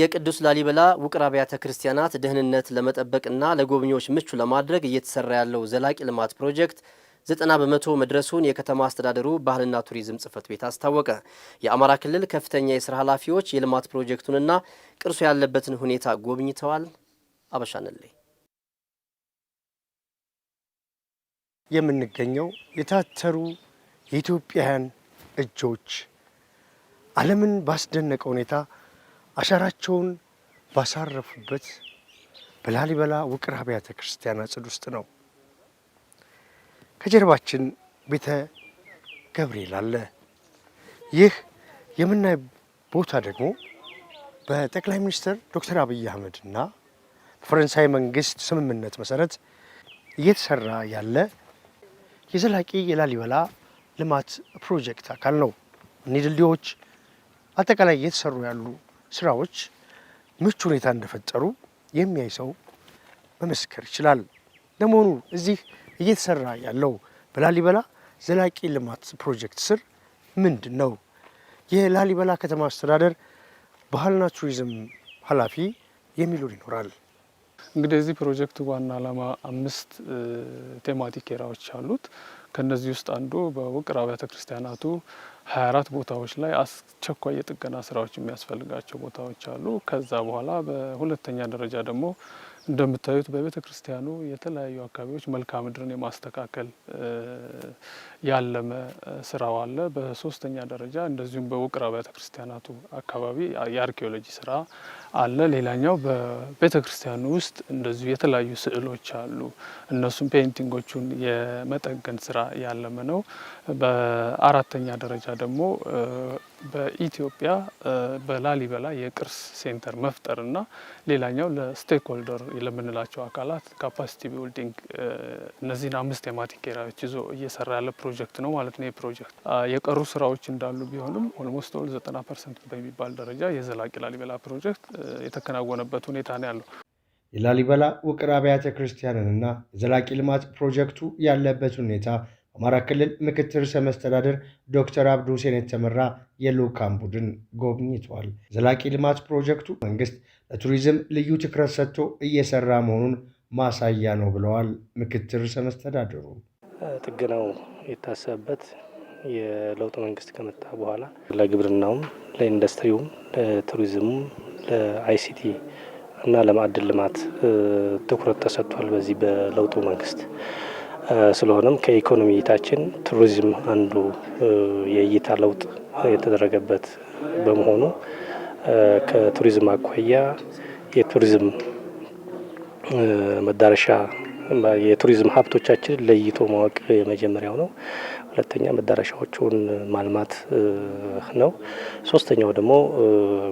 የቅዱስ ላሊበላ ውቅር አብያተ ክርስቲያናት ደህንነት ለመጠበቅና ለጎብኚዎች ምቹ ለማድረግ እየተሰራ ያለው ዘላቂ ልማት ፕሮጀክት ዘጠና በመቶ መድረሱን የከተማ አስተዳደሩ ባህልና ቱሪዝም ጽሕፈት ቤት አስታወቀ። የአማራ ክልል ከፍተኛ የስራ ኃላፊዎች የልማት ፕሮጀክቱንና ቅርሱ ያለበትን ሁኔታ ጎብኝተዋል። አበሻንልኝ የምንገኘው የታተሩ የኢትዮጵያውያን እጆች ዓለምን ባስደነቀ ሁኔታ አሻራቸውን ባሳረፉበት በላሊበላ ውቅር አብያተ ክርስቲያን አጽድ ውስጥ ነው። ከጀርባችን ቤተ ገብርኤል አለ። ይህ የምናይ ቦታ ደግሞ በጠቅላይ ሚኒስትር ዶክተር አብይ አህመድ እና በፈረንሳይ መንግስት ስምምነት መሰረት እየተሰራ ያለ የዘላቂ የላሊበላ ልማት ፕሮጀክት አካል ነው። እኒህ ድልድዮች አጠቃላይ እየተሰሩ ያሉ ስራዎች ምቹ ሁኔታ እንደፈጠሩ የሚያይ ሰው መመስከር ይችላል። ለመሆኑ እዚህ እየተሰራ ያለው በላሊበላ ዘላቂ ልማት ፕሮጀክት ስር ምንድን ነው? የላሊበላ ከተማ አስተዳደር ባህልና ቱሪዝም ኃላፊ የሚሉን ይኖራል። እንግዲህ እዚህ ፕሮጀክት ዋና ዓላማ አምስት ቴማቲክ ኤራዎች አሉት። ከነዚህ ውስጥ አንዱ በውቅር አብያተ ክርስቲያናቱ 24 ቦታዎች ላይ አስቸኳይ የጥገና ስራዎች የሚያስፈልጋቸው ቦታዎች አሉ። ከዛ በኋላ በሁለተኛ ደረጃ ደግሞ እንደምታዩት በቤተ ክርስቲያኑ የተለያዩ አካባቢዎች መልክዓ ምድርን የማስተካከል ያለመ ስራው አለ። በሶስተኛ ደረጃ እንደዚሁም በውቅር አብያተ ክርስቲያናቱ አካባቢ የአርኪኦሎጂ ስራ አለ። ሌላኛው በቤተ ክርስቲያኑ ውስጥ እንደዚሁ የተለያዩ ስዕሎች አሉ። እነሱም ፔይንቲንጎቹን የመጠገን ስራ ያለመ ነው። በአራተኛ ደረጃ ደግሞ በኢትዮጵያ በላሊበላ የቅርስ ሴንተር መፍጠርና ሌላኛው ለስቴክሆልደር ለምንላቸው አካላት ካፓሲቲ ቢልዲንግ እነዚህን አምስት ቴማቲክ ኤሪያዎች ይዞ እየሰራ ያለ ፕሮጀክት ነው ማለት ነው። ፕሮጀክት የቀሩ ስራዎች እንዳሉ ቢሆንም ኦልሞስት ኦል 90 ፐርሰንት በሚባል ደረጃ የዘላቂ ላሊበላ ፕሮጀክት የተከናወነበት ሁኔታ ነው ያለው። የላሊበላ ውቅር አብያተ ክርስቲያንንና የዘላቂ ልማት ፕሮጀክቱ ያለበት ሁኔታ አማራ ክልል ምክትል ርዕሰ መስተዳደር ዶክተር አብዱ ሁሴን የተመራ የልዑካን ቡድን ጎብኝቷል። ዘላቂ ልማት ፕሮጀክቱ መንግስት ለቱሪዝም ልዩ ትኩረት ሰጥቶ እየሰራ መሆኑን ማሳያ ነው ብለዋል ምክትል ርዕሰ መስተዳደሩ። ጥገናው የታሰበበት የለውጥ መንግስት ከመጣ በኋላ ለግብርናውም፣ ለኢንዱስትሪውም፣ ለቱሪዝሙም፣ ለአይሲቲ እና ለማዕድን ልማት ትኩረት ተሰጥቷል በዚህ በለውጡ መንግስት ስለሆነም ከኢኮኖሚ እይታችን ቱሪዝም አንዱ የእይታ ለውጥ የተደረገበት በመሆኑ ከቱሪዝም አኳያ የቱሪዝም መዳረሻ የቱሪዝም ሀብቶቻችንን ለይቶ ማወቅ የመጀመሪያው ነው። ሁለተኛ መዳረሻዎቹን ማልማት ነው። ሶስተኛው ደግሞ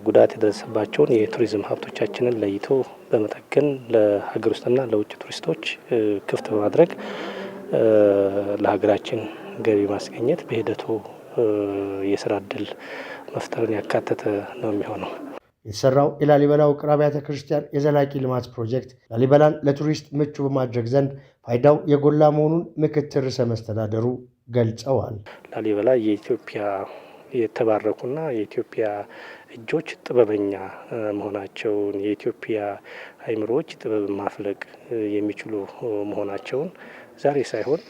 ጉዳት የደረሰባቸውን የቱሪዝም ሀብቶቻችንን ለይቶ በመጠገን ለሀገር ውስጥና ለውጭ ቱሪስቶች ክፍት በማድረግ ለሀገራችን ገቢ ማስገኘት በሂደቱ የስራ እድል መፍጠርን ያካተተ ነው የሚሆነው። የተሰራው የላሊበላ ውቅር አብያተ ክርስቲያን የዘላቂ ልማት ፕሮጀክት ላሊበላን ለቱሪስት ምቹ በማድረግ ዘንድ ፋይዳው የጎላ መሆኑን ምክትል ርዕሰ መስተዳደሩ ገልጸዋል። ላሊበላ የኢትዮጵያ የተባረኩና የኢትዮጵያ እጆች ጥበበኛ መሆናቸውን የኢትዮጵያ አይምሮዎች ጥበብ ማፍለቅ የሚችሉ መሆናቸውን ዛሬ ሳይሆን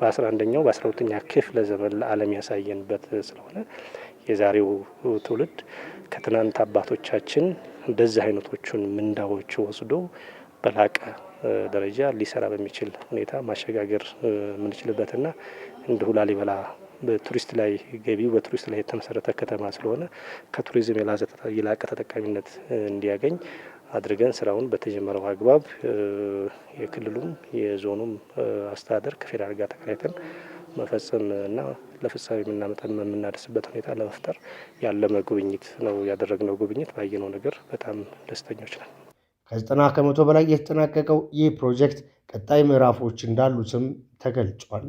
በ11ኛው በ12ኛ ክፍለ ዘመን ለዓለም ያሳየንበት ስለሆነ የዛሬው ትውልድ ከትናንት አባቶቻችን እንደዚህ አይነቶቹን ምንዳዎች ወስዶ በላቀ ደረጃ ሊሰራ በሚችል ሁኔታ ማሸጋገር የምንችልበትና እንዲሁ ላሊበላ በቱሪስት ላይ ገቢው በቱሪስት ላይ የተመሰረተ ከተማ ስለሆነ ከቱሪዝም የላቀ ተጠቃሚነት እንዲያገኝ አድርገን ስራውን በተጀመረው አግባብ የክልሉም የዞኑም አስተዳደር ከፌዴራል ጋር ተከራይተን መፈጸም እና ለፍጻሜ የምናመጠን የምናደርስበት ሁኔታ ለመፍጠር ያለመ ጉብኝት ነው ያደረግነው። ጉብኝት ባየነው ነገር በጣም ደስተኞች ነን። ከዘጠና ከመቶ በላይ የተጠናቀቀው ይህ ፕሮጀክት ቀጣይ ምዕራፎች እንዳሉትም ተገልጿል።